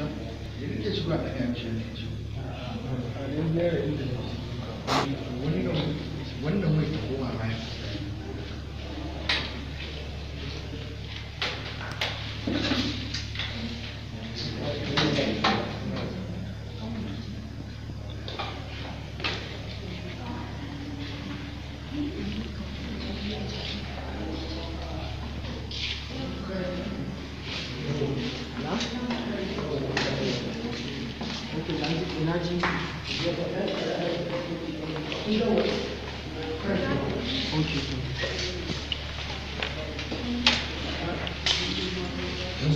Uh, you didn't just grab a handshake. I didn't dare. What do you know? yanzu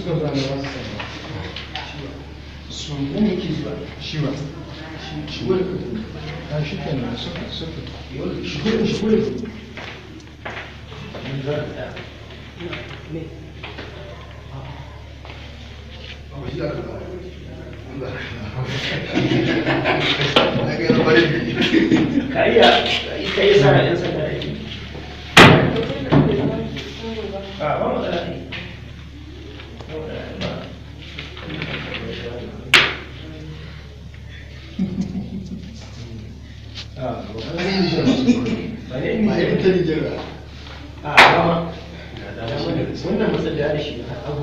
ga zana ba su sun ne yake ka iya ka sanda aiki da Wannan a abu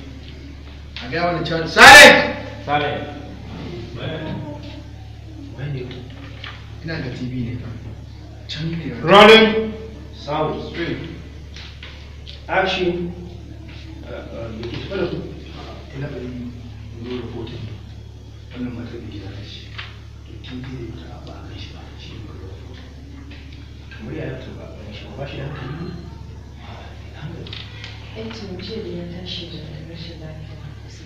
gaya wani cewa silent silent ina da tv ne can ne rolling sound street action ina da yi rahoton wannan matar da gida da shi da tv da ta ba a kan shi ba shi ne kamar ya ta ba a kan ba shi da hankali ne hankali 'yancin jiya da ya tashi da rashin lafiya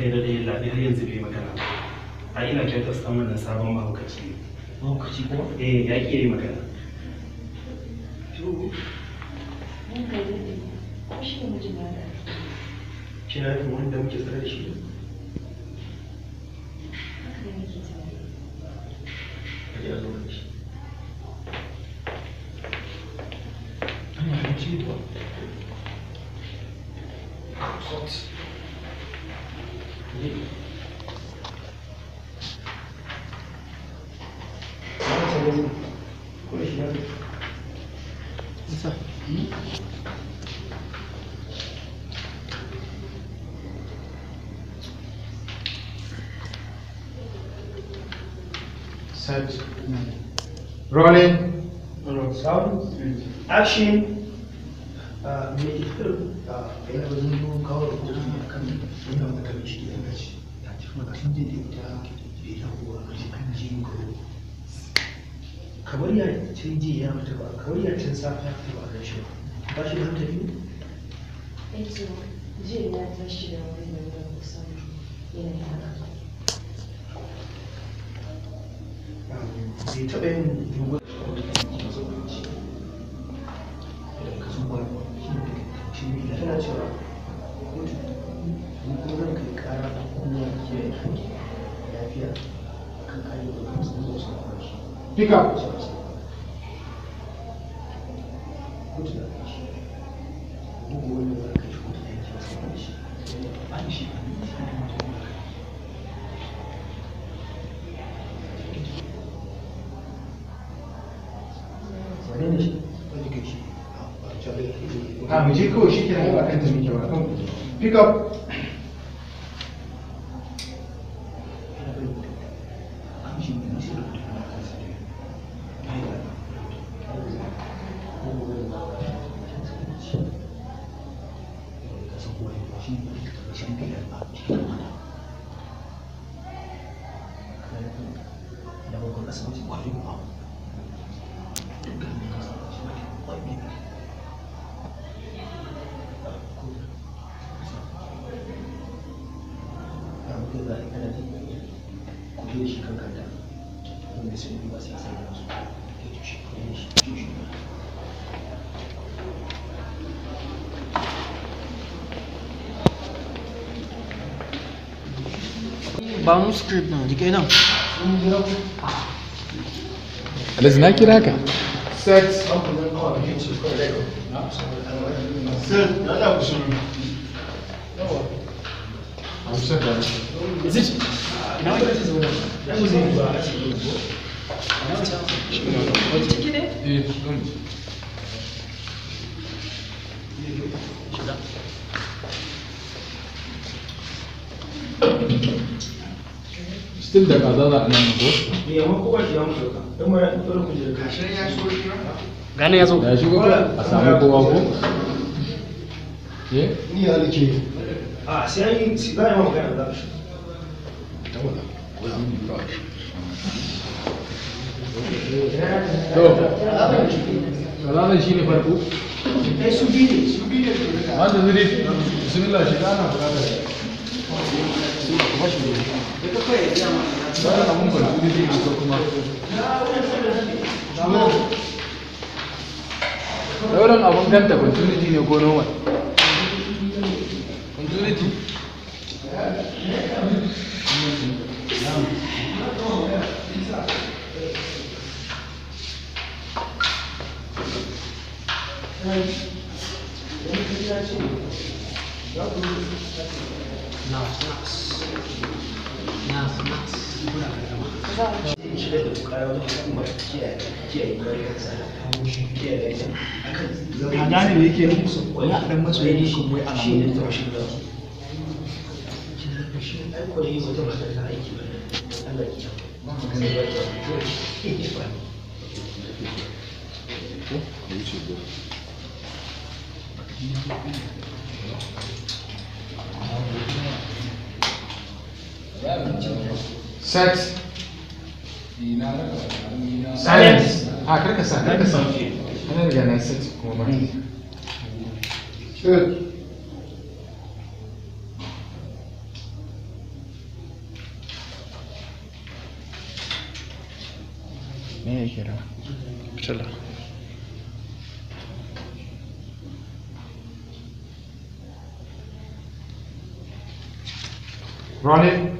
kai da dai lafi har yanzu bai magana ba a ina kai ta samun wannan sabon mahaukaci ne mahaukaci ko eh ya ke yi magana to mun ne ko shi kina nufin wanda muke tsare da shi ne Thank you. gani ko shi ya Set. Rolling. Sound. Action. me, uh, ina wajen kuma a kan yana wata shi ya Ya kuma jin da ita a kan jin kamar ya cin ji ya mutu ba kamar ya cin safa ya fi ba kan shi ba ba shi da hankali ake eh, ji ya ta shi da wani da wani kusan yana yanayi haka. ne taɓa yin dubu 그러니까 아, 무지코 시키는 것 같은 느낌이죠. 그러니까 사무실 걸리고 가. Vamos escrever, não, de que não? Vamos ver. Ali zina kira ka sex set. it? Não it is over. Não was in the Chicken it? Yeah, don't. Shut up. still da kaza za a nan ko eh amma ko ba ya mutu ka dan mara ku ku kashin ya shigo shi gane ya zo ya shigo a samu kowa ko eh ni ya nake a sai an yi si ba mu magana da shi tabbata ko ya mu ba shi to shi ne farko eh su bi ne su bi ne wanda zuri bismillah shi ana fara Зараз на abun ganta continuity ne ko normal? Continuity. Thank you. nas nas nas nas kuna gardama shiga da bukara wajen hukumar kiyaye kiyaye kwarewar tsada kiyaye lafiya akan zama a gane da yake yin musu kwaya a dan masu yanki kuma ya alamu ne ta rashin da ai ko yi wata ba ta aiki ba Allah ya ba mu gani ba ta Thank you. Set. Silence. A karka sa, karka sa. Ana riga na set kuma ba. Good. Me ya kira. Chala. Roll it.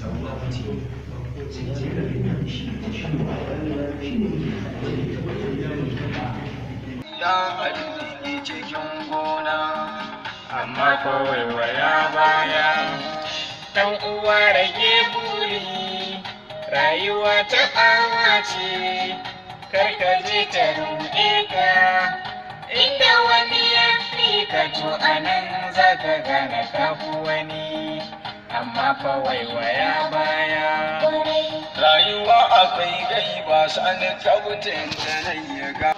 samu lokaci sai shi ya arziki cikin gona amma kawai ya baya Ɗan uwa rage buri rayuwa ta ɓawa ce karka je ta ruɗe ka inda wani ya fi ka to anan zaka gana kafu wani amma fa waiwaya baya rayuwa akwai gai ba sani kautin da nan ya ga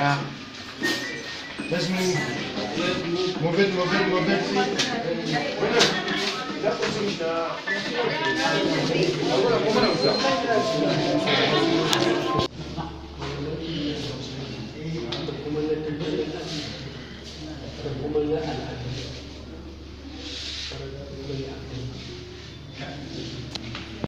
Yeah. Let's move. it, Move it, move it, move it. Agora, como é que